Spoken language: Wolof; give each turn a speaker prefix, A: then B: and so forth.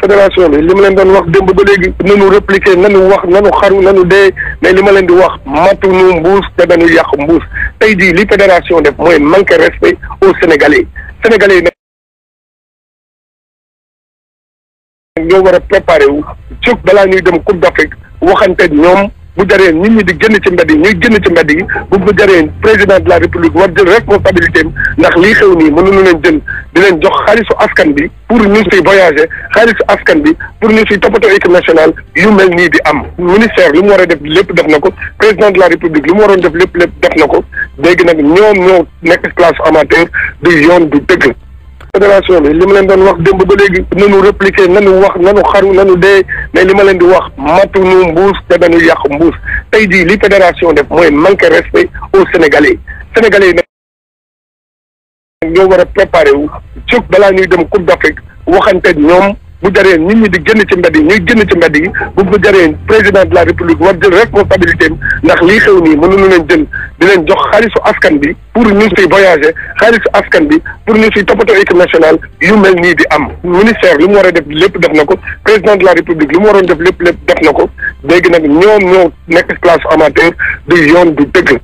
A: fédération bi li ma leen doon wax démb ba léegi nanu répliquer nanu wax nanu xaru nanu dee mais li ma leen di wax matuñu mbuus te dañu yàq mbuus tey jii li fédération def mooy manquer respect aux Sénégalais Sénégalais
B: yi ñoo war a préparer wu jóg balaa ñuy dem
A: Coupe d'Afrique waxante ñoom bu jaree nit ñi di génn ci mbedd yi ñuy génn ci mbedd yi bu bu jaree président de la république war jël responsabilité am ndax lii xew nii mënuñu leen jël di leen jox xaalisu askan bi pour ñu fi voyager xaalisu askan bi pour ñu fi toppatoo équipe nationale yu mel nii di am ministère lu mu war a def lépp def na ko président de la république lu mu waroon def lépp lépp def na ko léegi nag ñoom ñoo nekk classe amateur du yoon du dégg fédération bi li ma leen doon wax démb ba léegi nanu répliquer nanu wax nanu xaru nanu dee mais li ma leen di wax matuñu mbuus te dañu yàq mbuus tey jii li fédération def mooy manquer respect aux Sénégalais Sénégalais ñoo war a préparé wu suuf balaa ñuy dem Coupe d'Afrique waxante ñoom bu jaree nit ñi di gën ci mbedd yi ñuy génn ci mbedd yi bu bu jaree président de la république war jël responsabilité ndax lii xew nii mënuñu leen jël di leen jox xaalisu askan bi pour ñu fiy voyager xaalisu askan bi pour ñu si toppatoo équipe nationale yu mel nii di am. ministère lu mu war def lépp def na ko président de la république lu mu waroon def lépp lép def na ko léegi nag ñoom ñoo nekk place amateur du yoon du dëgg.